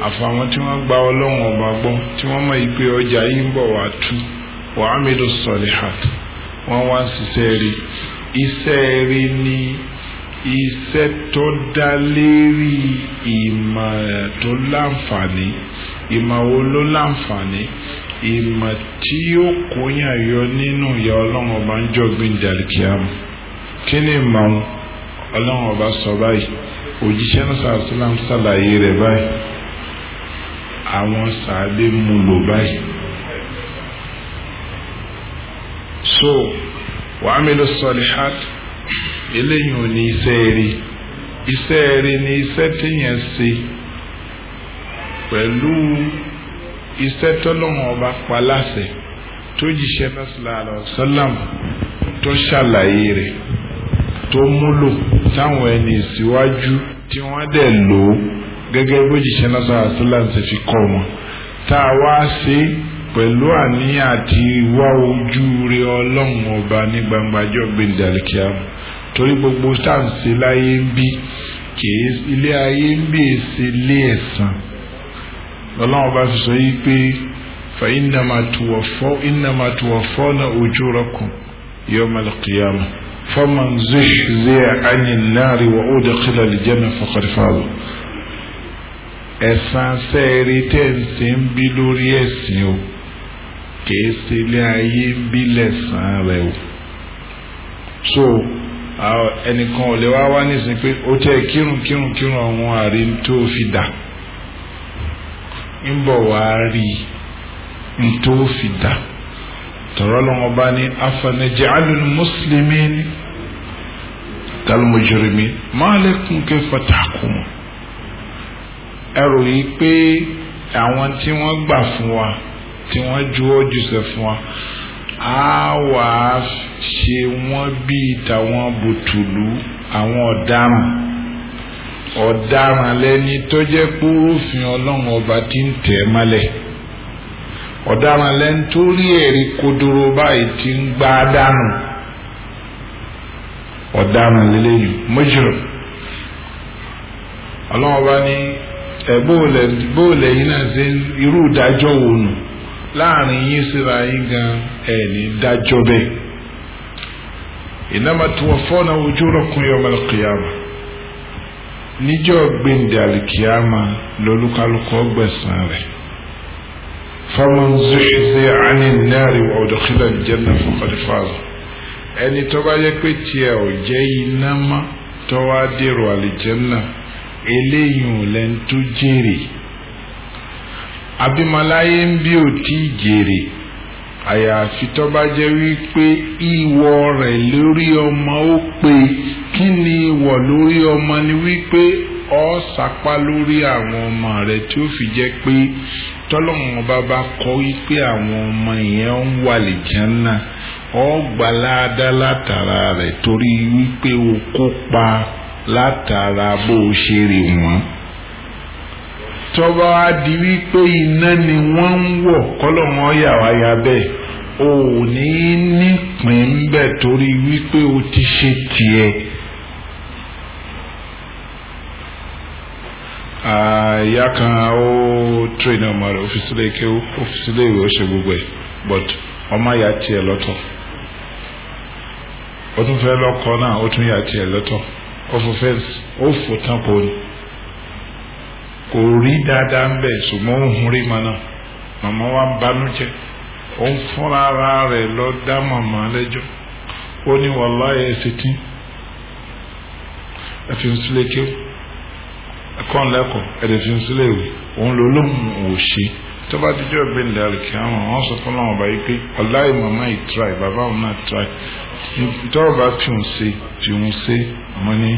àfàwọn tí wọ́n gba ọlọ́run ọba gbọ́ tí wọ́n mọ̀ ọjà yìí ń bọ̀ wá tú wa amilu salihat wọ́n wá ń ṣiṣẹ́ rí iṣẹ́ rí ní iṣẹ́ tó dá lérí ìmọ̀ tó láǹfààní ìmọ̀ wo ló láǹfààní ìmọ̀ tí yóò kóyàn yọ nínú ìyà ọlọ́run ọba ń jọ gbìndàlìkíám kí ni ìmọ̀ ọlọ́run ọba sọ báyìí òjíṣẹ́ náà sàásìlám ṣàlàyé rẹ̀ báyìí àwọn sàábé mú lò báyìí. so wàá mi lọ sọ̀lì hàtì eléyìí ò ní iṣẹ́ rí iṣẹ́ rí ni iṣẹ́ téèyàn ṣe pẹ̀lú iṣẹ́ tọ́lọ́mọ ọba paláṣẹ tó jíṣẹ́ sallallahu alaihi wasallam tó ṣàlàyé rẹ̀ tó múlò táwọn ẹni ìsíwájú tí wọ́n dẹ̀ lò ó gẹ́gẹ́ bó jíṣẹ́ sallallahu alaihi wasallam ṣe fi kọ́ wọn tá a wá ṣe pẹ̀lú àníyàn àti wá ojú rẹ ọlọ́run ọba ní gbangbajọ́ gbẹ̀ndàlkíá torí gbogbo táǹsì láyé ń bí kìí ilé ayé ń bí èsì ilé ẹ̀sán lọ́lọ́wọ́ bá fi sọ yí pé fa innama tuwaffawna ujurakum yawmal qiyamah faman zuhziha anin nari wa udkhila al-janna faqad faza ẹ̀sán sẹ́ẹ̀rí tẹ̀sí ń bí lórí ẹ̀sìn o kìí ṣe ilé ayé ń bí lẹ̀sán rẹ̀ o ẹnìkan ò lè wá wá nísìn pé ó tẹ kírun kírun kírun ọ̀hún àrí tó fi dà ń bọ̀ wá rí n tó fi dà tọ̀rọ̀ lọ́wọ́ bá ní afanaj'alul muslimin kal mujrimin ma lakum kayfa ẹrù yìí pé àwọn tí wọ́n gbà fún wa tí wọ́n juwọ́ jùsẹ̀ fún wa á wà á ṣe wọ́n bíi tàwọn bùtùlù àwọn ọ̀daràn ọ̀daràn lẹni tó jẹ́ púrúfin ọlọ́run ọba tí ń tẹ̀ mọ́lẹ̀ ọ̀daràn lẹni tó rí ẹ̀rí kodoro báyìí tí ń gbá dànù ọ̀daràn lélẹ́yìn mọ́jọ́rọ̀ ọlọ́run ọba ní ẹ̀ bóòlẹ̀ yìí náà ṣe irú ìdájọ́ wo nù láàrin yín síra yín gan ẹ̀ ní dájọ́ bẹ́ẹ̀ ìnáma tí wọ́n fọ́nà ojú rọ̀kùn yọmọ kìyàmà níjọ́ gbẹ̀ndẹ̀ àlìkìyàmà lọ́lúkálùkù ọgbẹ̀sán rẹ̀ faman zuhzih ani nari wa udkhila aljanna faqad faz ẹni tó bá yẹ pé tiẹ̀ ò jẹ́ iná mọ́ tó dèrò àlìjẹ́nà eléyìí ò lẹ́ni tó abimaláyé ń bí ò tí ì jèrè àyàfi tó bá jẹ́ wípé ìwọ rẹ̀ lórí ọmọ ó pé kí ni ìwọ lórí ọmọ ni wípé ọ sapá lórí àwọn ọmọ rẹ̀ tí ó fi jẹ́ pé tọ́lọ́mọ bá bá wípé àwọn ọmọ yẹn ń wà lè jẹun ọ gbàláàdá látara rẹ̀ torí wípé o kópa látara bó o ṣe rè wọ́n tọ́ba á di wípé iná ni wọ́n ń wọ̀ kọ́lọ́mọ yà wá ya bẹ́ẹ̀ ò ní nípìn ń bẹ̀ torí wípé o ti ṣe tiẹ̀. àyà kan ó tírèdì ọmọ rẹ̀ ó fi sílẹ̀ ike ó fi ṣe gbogbo ẹ̀ but ọmọ yà tiẹ̀ lọ́tọ̀ ó tún fẹ́ lọ́kọ náà ó tún yà tiẹ̀ lọ́tọ̀ ó fò fẹ́ǹsì ó fò tán kò ní kò rí dáadáa ń bẹ̀ ṣùgbọ́n ó hun rí mọ́nà màmá wa ń banújẹ́ ó ń fúnra ara rẹ̀ lọ dá màmá lẹ́jọ́ ó ní wàláyé ẹsẹ̀ tí ẹ fi ń sílé kí ẹ̀kọ́ ńlẹ́kọ̀ọ́ ẹ̀dẹ̀ fi ń sílé ìwé òun ló lóun ò ṣe tó bá dijọ́ ìgbéni dàrí kí àwọn wọn sọ fún ọmọ báyìí pé wàláyé màmá yìí tíráì bàbá òun náà tíráì tọ́rọ̀ bá fi hùn ṣe fi hùn ṣe àmọ́ ní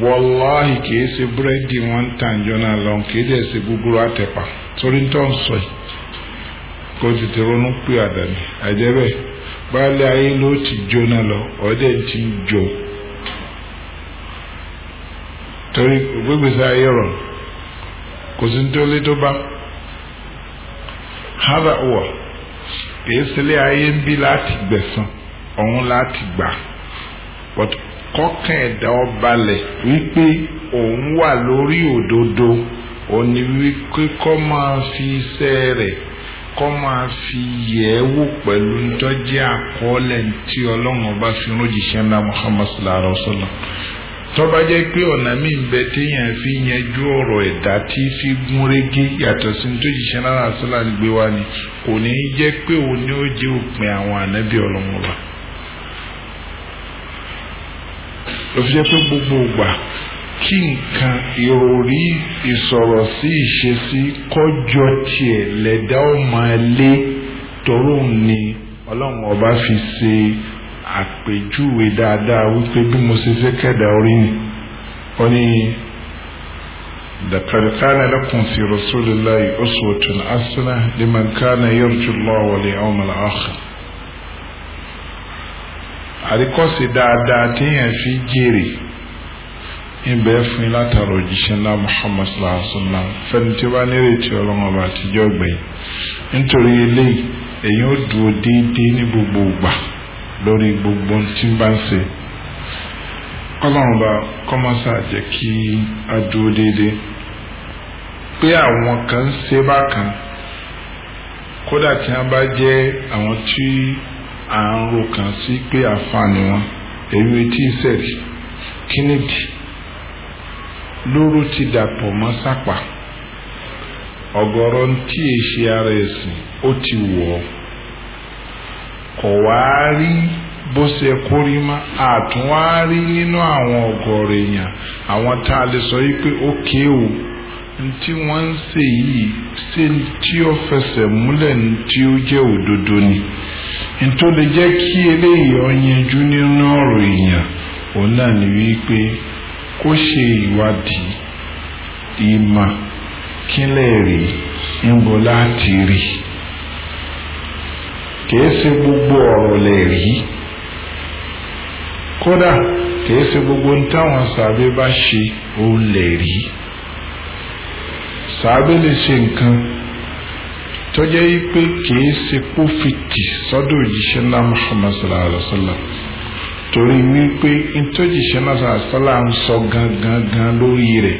wọláhì kìí ṣe búrẹ́dì wọn ń tàn jọ́nà lọ kìí dẹ̀ ṣe búburú àtẹ̀pà torí tó ń sọ yìí kó o tètè ronú pé àdàní àjẹbẹ́ baálé ayé ló ti jóná lọ ọdẹ ti ń jó torí gbégbèsè ayé rọ kò sí tó lé tó bá hádà wọ kìí ṣe lé ayé ń bí láti gbẹ̀san ọ̀hún láti gbà kọ́kàn ẹ̀dá ọbalẹ̀ wípé òun wà lórí òdodo òní wípé kọ́ máa fi iṣẹ́ rẹ̀ kọ́ máa fi yẹ̀ ẹ́ wò pẹ̀lú ntọ́jú àkọọ́lẹ̀ tí ọlọ́run ọba fi ránjíṣẹ́ ńlá Muhammad sallallahu alaihi wa sallam tọ́ba jẹ́ pé ọ̀nà míì ń bẹ téèyàn fi yanjú ọ̀rọ̀ ẹ̀dá tí fi gún régé yàtọ̀ sí tó jíṣẹ́ náírà sílá gbé wa ni kò ní jẹ́ pé òun ni ó jẹ́ òpin àwọn ànábì ọlọ́run ọba. ló fi jẹ́ pé gbogbo ìgbà kí nǹkan ìròrí ìsọ̀rọ̀ sí ìṣesí kọjọ tiẹ̀ lẹ́dá ó máa lé toró ni ọlọ́run ọba fi ṣe àpèjúwe dáadáa wípé bí mo ṣe fẹ́ kẹ́dà orí ni ó ní لقد كان لكم في رسول الله أسوة حسنة لمن كان يرجو الله àríkọ́sí dáadáa téèyàn fi jèrè ibẹ̀ fún yín látara òjíṣẹ́ ńlá muhammad sallallahu alaihi wa sallam fẹ́ni tí ó bá nírètí ọlọ́run ọba àtijọ́ gbẹ̀yìn nítorí eléyìí èyí ó dúró déédéé ní gbogbo ìgbà lórí gbogbo tí ń bá ń ṣe kọ́lọ́run ọba kọ́mọ́sà jẹ́ kí a dúró déédéé pé àwọn kan ń ṣe bákan kódà tí wọ́n bá jẹ́ àwọn tí à ń ro kàn sí pé àǹfààní wọn èyí etí ìsẹ̀rì kínìdì lóru ti dàpọ̀ mọ́ sápà ọ̀gọ̀rọ̀ tí è ṣe ara ẹ̀sìn ó ti wọ̀ ọ́ kò wá rí bó ṣe kó rí má àtún wá nínú àwọn ọ̀gọ̀rọ̀ èèyàn àwọn tá a lè sọ yìí pé ó ké o ntí wọ́n ń ṣe yìí ṣe tí ó fẹsẹ̀ múlẹ̀ tí ó jẹ́ òdodo ni. Mm -hmm ntó lè jẹ́ kí eléyìí ọ̀yẹ́jú nínú ọ̀rọ̀ èèyàn òun náà ni wípé kó ṣe ìwádìí ìmọ̀ kílẹ̀ rí ńbọ láti rí kìí ṣe gbogbo ọ̀rọ̀ lè rí kódà kìí ṣe gbogbo ń táwọn sàbẹ̀ bá ṣe òun lè rí sàbẹ̀ lè ṣe nǹkan tọ́jẹ́ yìí pé kìí ṣe kó fìtì sọ́dọ̀ òjíṣẹ́ náà Muhammad sallallahu alayhi wa sallam torí wípé ntọ́jíṣẹ́ náà sallallahu alayhi wa sallam ń sọ gangan gan lórí rẹ̀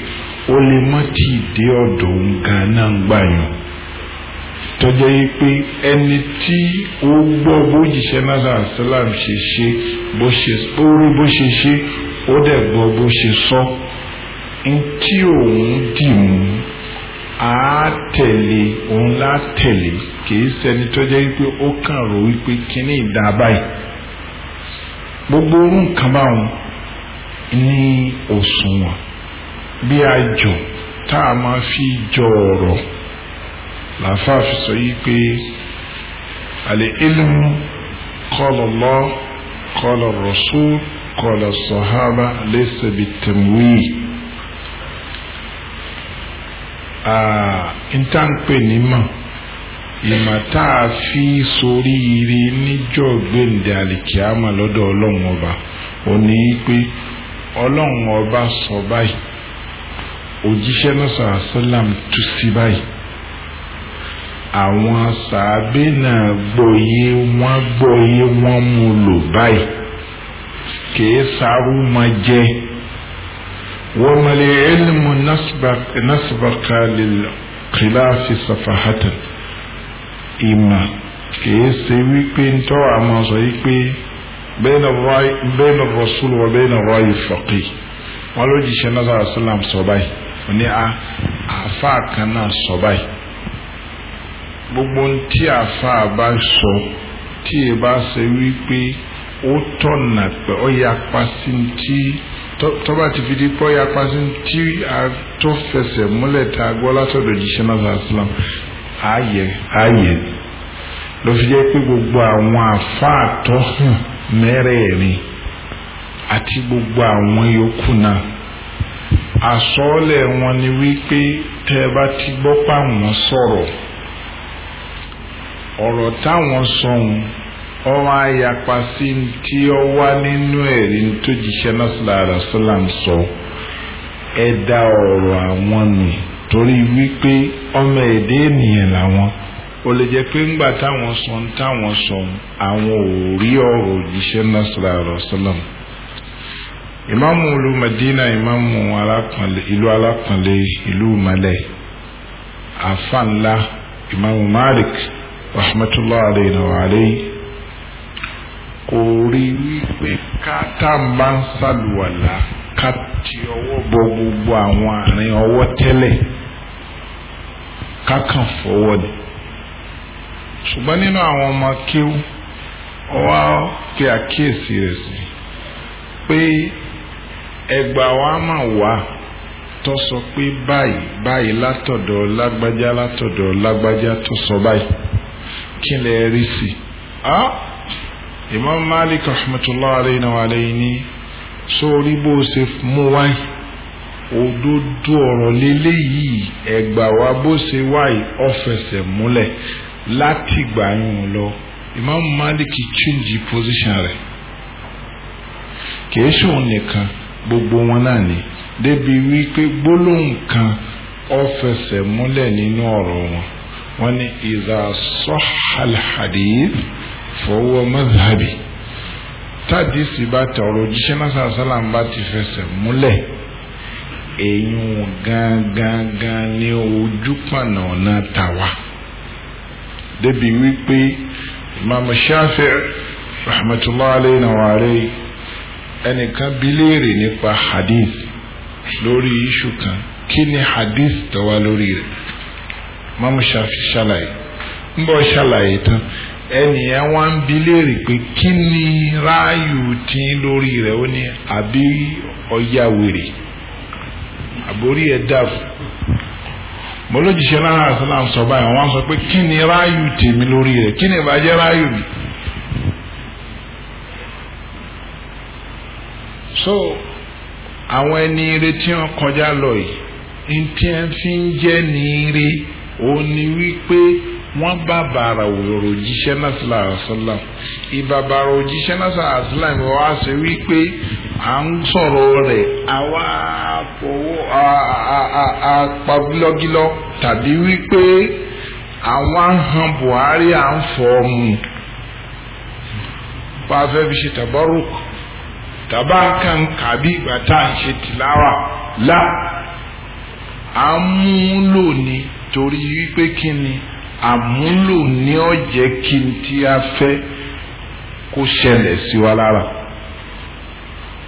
ó lè má ti dé ọ̀dọ̀ òun gan náà gbàyàn tọ́jẹ́ yìí pé ẹni tí ó gbọ́ bójíṣẹ́ náà sallallahu alayhi wa sallam ṣe ṣe ó rí bó ṣe ṣe ó dẹ̀ gbọ́ bó ṣe sọ ntí òun dì mú. a tẹ̀lé òun la tẹ̀lé kìí ṣẹni tó jẹ́ wípé ó kàn rò wípé kíní ìdá báyìí gbogbo orun kan báwọn ní òṣùwọ̀n bí tá a máa fi jọ ọ̀rọ̀ làáfàá fi sọ yìí pé àlè ilmu ntànpé nímọ̀ ìmọ̀ tá a fi sórí ire níjọ́ gbèǹde àlìkíámà lọ́dọ̀ ọlọ́run ọba ò ní í pé ọlọ́run ọba sọ báyìí òjíṣẹ́ náà sọ àṣọlám tú sí báyìí àwọn sàábé náà gbọ́yé wọ́n gbọ́yé wọ́n mú lò báyìí kèé sárú máa jẹ́ وما العلم نسبق, نسبق للخلاف صفحة إما kìí ṣe wípé ń tọ́ àmọ́ sọ wípé bẹ́ẹ̀nà rasul wa bẹ́ẹ̀nà rọ́yì fọ́kì wọn ló jíṣẹ́ náà sọ̀rọ̀ sọ́làm sọ báyìí wọn ni àáfàá kan náà sọ báyìí gbogbo ń tí àáfàá bá sọ tí ì bá ṣe wípé ó tọ̀nà pé ó yapa sí ti tó bá ti fi di pọ́ ya pasí tí a tó fẹsẹ̀ múlẹ̀ tá a gbọ́ látọ̀dọ̀ jíṣẹ́ náà sàlám ààyè ààyè ló fi jẹ́ pé gbogbo àwọn àfáà tó hàn mẹ́rẹ̀ẹ̀rin àti gbogbo àwọn yòókù náà àsọ́ọ́lẹ̀ wọn ni wípé tẹ́ ẹ bá ti gbọ́ pàwọn sọ̀rọ̀ ọ̀rọ̀ táwọn sọ̀hún ọmọ ayapa sí tí ó wá nínú ẹ̀rí tó jíṣẹ́ náà sílára sílám sọ ẹ̀dá ọ̀rọ̀ àwọn nì torí wípé ọmọ èdè ènìyàn làwọn ó lè jẹ́ pé ńgbà táwọn sọ ń táwọn sọ àwọn ò rí ọ̀rọ̀ jíṣẹ́ náà sílára sílám ìmáàmù ìlú Madina ìmáàmù ìlú alápọ̀nlé ìlú malẹ̀ àfa ńlá ìmáàmù Malik rahmatullahi alayhi wa alayhi. oriri rí wípé ká tá n ń sàlùwàlà ká ti ọwọ́ bọ gbogbo àwọn àárín ọwọ́ tẹ́lẹ̀ ká fọwọ́ ni ṣùgbọ́n nínú àwọn ọmọ kéwú ọwọ́ pe àkíyèsí rẹ̀ sí pé ẹgbà wa máa wà tó sọ pé báyìí báyìí látọ̀dọ̀ lágbájá látọ̀dọ̀ lágbájá tó sọ báyìí kí lè Imam Malik rahmatullahi alayhi wa alayhi ni sórí bó ṣe mú wáyé òdodo ọ̀rọ̀ lélẹ́yìí ẹ̀gbà wa bó ṣe wáyé ọ̀fẹsẹ̀ múlẹ̀ láti gbà yún lọ Imam Malik change position rẹ̀ kìí ṣòun nìkan gbogbo wọn náà ni débi wípé gbólóhùn kan ọ̀fẹsẹ̀ múlẹ̀ nínú ọ̀rọ̀ wọn wọn ni ìzà sọ́hàlhàdìyí. fọwọ́ mazhabi táàdì sì bá tẹ ọ̀rọ̀ òjíṣẹ́ náà sàlám bá ti fẹsẹ̀ múlẹ̀ èyún gangan ní ojú pànà ọ̀nà tàwa débi wípé Imam Shafi'i rahmatullahi alayhi wa alayhi ẹnìkan bi léèrè nípa hadith lórí iṣu kan kí ni hadith tó wà lórí rẹ̀ Imam Shafi'i ṣàlàyé ń bọ̀ ṣàlàyé tán ẹnìyẹn wá ń bi léèrè pé kí ni ráàyù tí lórí rẹ̀ ó ní àbí ọ̀yà wèrè àbórí ẹ̀ dàrú mọlójìṣẹ́ náà àti náà sọ báyìí wọ́n sọ pé kí ni ráàyù tèmi lórí rẹ̀ kí ni ìbàjẹ́ ráàyù mi. so àwọn ẹni ire tí wọ́n kọjá lọ yìí ntí ẹ fi ń jẹ́ ní ire òun ni wípé wọ́n bá bàrà ọ̀rọ̀ jíṣẹ́ náà sílá àṣọlá ìbàbàrà òjíṣẹ́ náà sílá àṣọlá ni á ṣe wípé à ń sọ̀rọ̀ rẹ̀ àwa fowó apagilọ́gilọ́ tàbí wípé àwọn han Buhari à ń fọ́ mu bá a fẹ́ fi ṣe tabaruk tàbá kan kàbí ìgbà tá à ń ṣe tìláwà lá à ń mú lò torí wípé kí ni. àmúlò ní ọ̀jẹ̀ kí n tí a fẹ́ kó ṣẹlẹ̀ sí wa lára.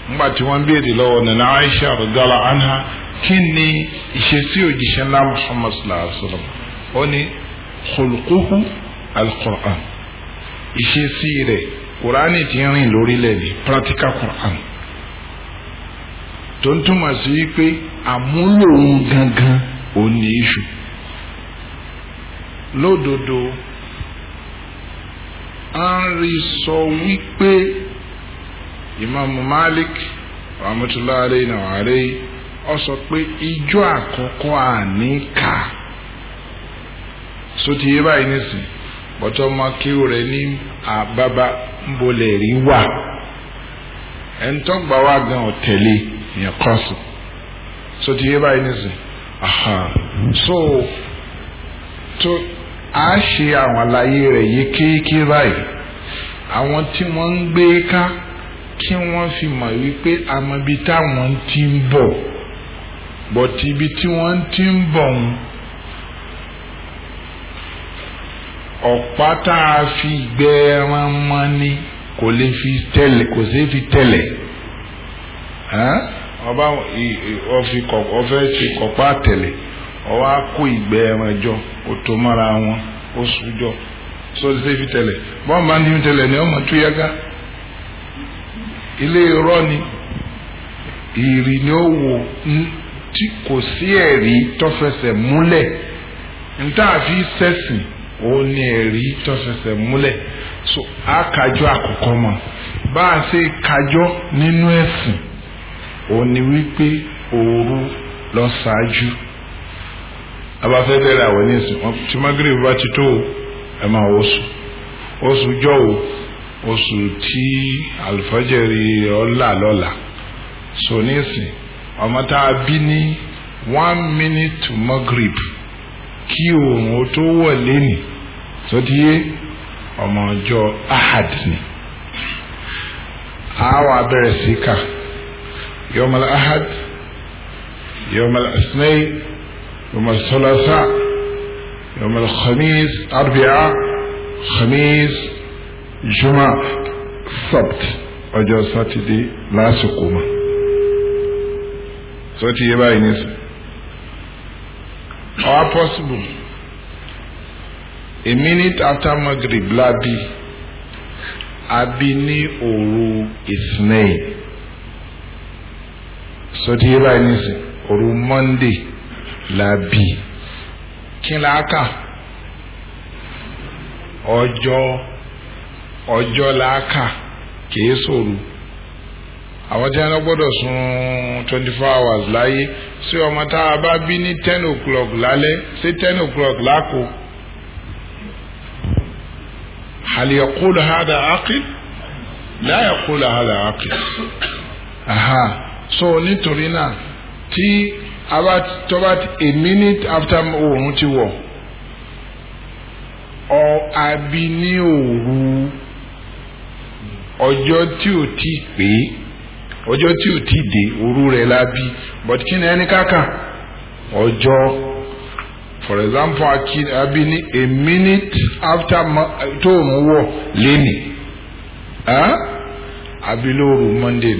nígbà tí wọ́n béèrè lọ́wọ́ Aisha anha kí ni ìṣesí òjíṣẹ́ ńlá Muhammad sallallahu alayhi wa sallam ó al-Qur'an ìṣesí rẹ̀ kùránì ti rìn lórílẹ̀ ni practical Qur'an tó ń túmọ̀ sí wípé àmúlò òun gangan ní lódodo anri sọ wípé imaamu malik rahmatullahi alayhi na alayhi ọ sọ pé ijó àkọ́kọ́ ka so ti yé báyìí nísìn bọ́tọ́ ọmọ kírò rẹ̀ ní àbábá ń bolẹ̀ rí wà ẹ̀ńtọ́gbà wa gan ọ̀tẹ̀lé yẹn kọ́sù so ti yé báyìí nísìn aha so to a ṣe àwọn àlàyé rẹ̀ yékéyéké báyìí àwọn tí wọ́n ń gbé ká kí wọ́n fi mọ̀ wípé àmọ́bi táwọn ti ń bọ̀ bọ̀tí ibi tí wọ́n ti ń bọ̀ ń ọ̀pá tá a fi gbẹ ẹran mọ́ ni kò lè fi tẹ̀lẹ̀ kò sí fi tẹ̀lẹ̀ ọba ọfẹ kọ̀pá tẹ̀lẹ̀ ọwọ́ á kó ìgbẹ́ ẹran jọ. otu mara mọ́ra wọn ó sùjọ sóde tẹ́ fi tẹ̀lẹ̀ bọ́n bá ní tẹ̀lẹ̀ ni tó ni iri ni ó wò tí kò sí ẹ̀rí tọ́fẹsẹ̀ múlẹ̀ ntáàfi sẹ́sìn o ni tọ́fẹsẹ̀ múlẹ̀ so a kájọ àkọ́kọ́ ni abafẹ́ bẹ̀rẹ̀ àwọn ní sùn wọn tí magreth bá ti tó ẹ máa wọ sùn oṣù jọ̀wọ́ oṣù tí alifajẹri ọlà lọ́la so nísìn ọmọ tá a bí ní one minute to magreth kí oòrùn ó tó wọ̀ lẹ́nì tó ti yé ọmọ ọjọ́ ahad ni àwa bẹ̀rẹ̀ sí kà yọmọlá ahad yọmọlá asinayi. يوم الثلاثاء يوم الخميس أربعاء خميس جمعة السبت، ọjọ́ sátidé لا mọ́ sọ ti yé báyìí possible a minute after Maghrib labi abi ní òru isnei sọ ti yé báyìí nísìn òru Monday labi bí kí la kà ọjọ́ la kìí sòrò àwọn tí wọn sun twenty four hours láyé sí ọmọ tá a bá bí ní ten o'clock lálẹ́ sí ten o'clock lákò hal yaqulu hada aqil la yaqulu hada aha so nítorí náà tí about about a minute after oòrùn ti wọ̀ ọ àbí ní òru ọjọ́ tí ò tí pé ọjọ́ tí ò tí dé òru rẹ̀ la but kí ni ẹni káka ọjọ́ for example àbí ní a minute after tó òun wọ̀ lẹ́nì àbí lóru monday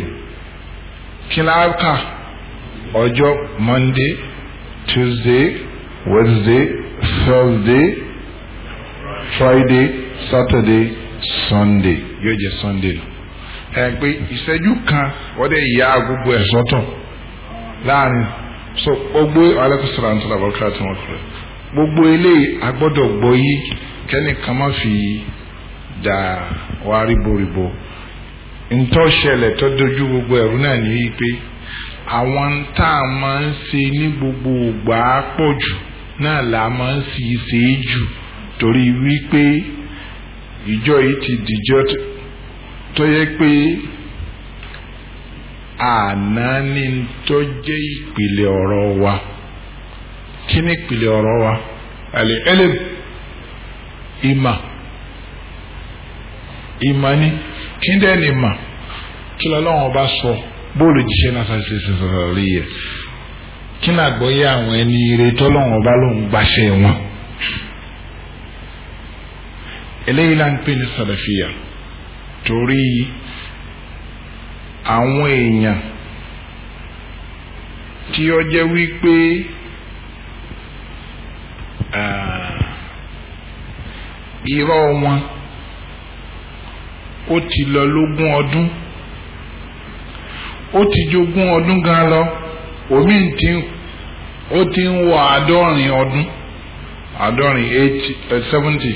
kí ni ọjọ́ monday tuesday wednesday thursday friday saturday sunday yóò jẹ sunday nù ẹ pé ìṣẹ́jú kan wọ́n dẹ̀ ya gbogbo ẹ̀ sọ́tọ̀ láàrin so gbogbo alẹ́kùsọ̀rọ̀ àǹtọ̀lá bọ́kúrà tí wọ́n kúrẹ́ gbogbo eléyìí agbọ́dọ̀ gbọ́ yí kẹ́nìkan má fi dà wá ríboríbo ntọ́ ṣẹlẹ̀ tó dojú gbogbo ẹ̀rú náà ní yí pé àwọn tá a máa ń ṣe ní gbogbo ìgbà pọ̀ jù náà là máa ń si ṣe é jù torí wípé ìjọ yìí ti dìjọ tó yẹ pé àná ni tó jẹ́ ìpìlẹ̀ ọ̀rọ̀ wa kí ni ìpìlẹ̀ ọ̀rọ̀ wa àlè ẹlẹ́m ìmà ìmà ni kí dẹ́ni mà kí lọ́lọ́run bá sọ. So bóòlù jíṣẹ́ náà ṣe ṣe sọ̀rọ̀ rí yẹ kí náà gbọ́yé àwọn ẹni ire tọ́lọ́wọ́n ọba ló ń gbaṣẹ́ wọn. eléyìí là ń pè ní sàlàfíà torí àwọn èèyàn tí ó jẹ́ wípé irọ́ wọn ó ti lọ lógún ọdún. ó ti jogún ọdún gan lọ omi ti ó ti ń wọ àádọ́rin ọdún àádọ́rin eighty eh, seventy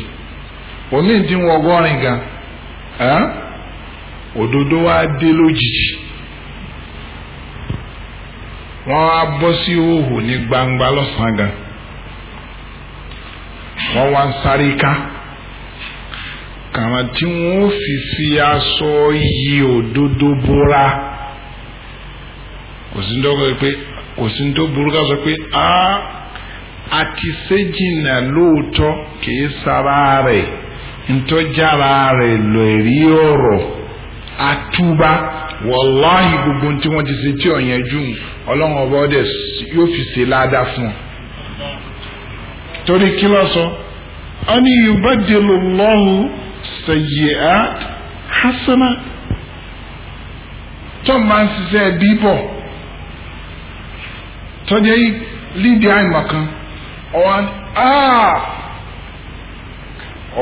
omi ti ń wọ ọgọ́rin gan òdodo wa dé lójijì wọ́n á bọ́ sí òhò ní gbangba lọ́sàn-án gan wọ́n wá ń sáré ká kàmá tí wọ́n fi fi aṣọ yí òdodo bóra. kò sí tó sọ pé kò sí tó burú sọ pé a ti séjìnà lóòótọ́ kìí sara rẹ̀ ntọ́jára rẹ̀ lórí ọ̀rọ̀ àtúbá wàláhì gbogbo tí wọ́n ti ṣe tí ọ̀yàn jù ọlọ́run ọba ọdẹ yóò fi ṣe ládàá fún ọ. torí kí ló sọ ọ ní yubadilu Allahu sayyi'at hasana tó máa ń ṣiṣẹ́ bíbọ̀ tọ́jú yìí lídìí àìmọ̀kan ọ̀hún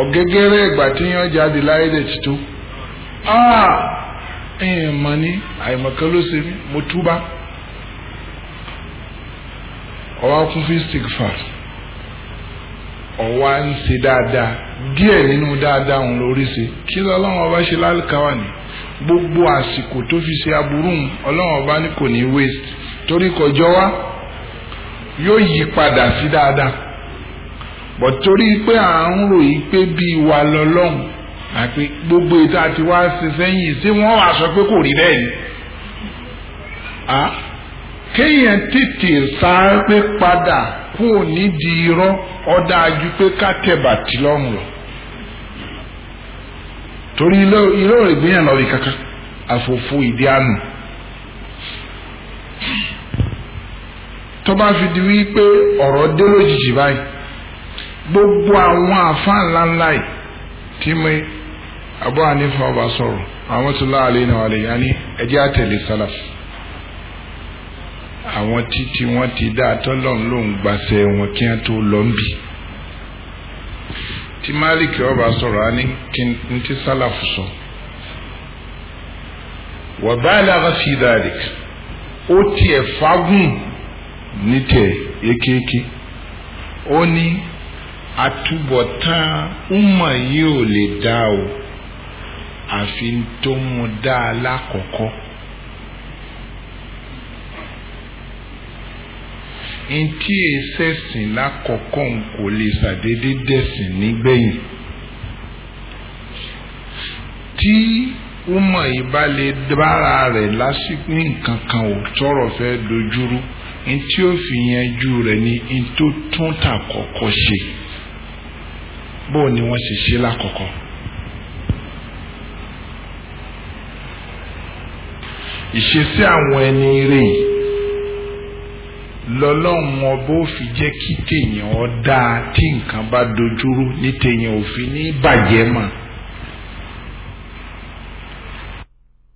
ọ̀gẹ́gẹ́rẹ́ ìgbà tí yàn jáde láyé dẹ̀ ti tó ah! ẹ̀yìn mọ̀ ní àìmọ̀kan ló ṣe mí mo túbá ọwọ́ kún fún stigfar ọwọ́ ń ṣe dáadáa díẹ̀ nínú dáadáa òun lórí ṣe kí lọ́lọ́run ọba ṣe lálùkáwà ní gbogbo àsìkò tó fi ṣe aburú ọlọ́run ọba ní kò ní waste torí kọjọ́ wá yóò yí padà sí dáadáa bọ̀ torí pé à ń ròyìn pé bíi wa lọ́lọ́hùn àti gbogbo ètò àti wá sí sẹ́yìn tí wọ́n wá sọ pé kò rí bẹ́ẹ̀ ni kéèyàn tètè sáré padà kú nídìí irọ́ ọ̀dà ju pé ká tẹ̀bàtì lọ́rùn lọ torí ilé ìgbéyàn kankan àfòfò ìdí àná. tó bá fi di wípé ọ̀rọ̀ dé lójijì báyìí gbogbo àwọn àfáà ńláńlá yìí tí mo Abu Hanifa ọba sọ̀rọ̀ àwọn tó láà lè nà wàlẹ̀ yá ní ẹjẹ́ àtẹ̀lé sálàf àwọn títí wọn ti dá tọ́lọ́n lòún gbàṣẹ wọn kí wọn tó lọ bì tí Malik ọba sọ̀rọ̀ á ní kí n ti sálàf sọ wọ́n bá a lára fi dáadé ó tiẹ̀ fagùn ní tiẹ̀ yékéyéké ó ní àtúbọ̀tán ùmọ̀ yìí ò lè dá o àfi tó mú dá a lákọ̀ọ́kọ́. ntí ẹsẹ̀sìn lákọ̀ọ́kọ́ kò lè ṣàdédé dẹ̀sìn nígbẹ̀yìn tí ó mọ̀ ìbálẹ̀ dára rẹ̀ lásìkò nǹkan kan ò tọrọ fẹ́ dojúrú ntí ó fi yanjú rẹ̀ ní ntó tún tà kọ́kọ́ ṣe bóò ni wọ́n ṣe ṣe lákọ̀ọ́kọ́. ìṣesí àwọn ẹni rẹ̀ yìí lọ́lọ́run ọba ó fi jẹ́ kí tèèyàn ó dáa tí nǹkan bá dojúrú ní tèèyàn ò fi ní bàjẹ́ mọ́.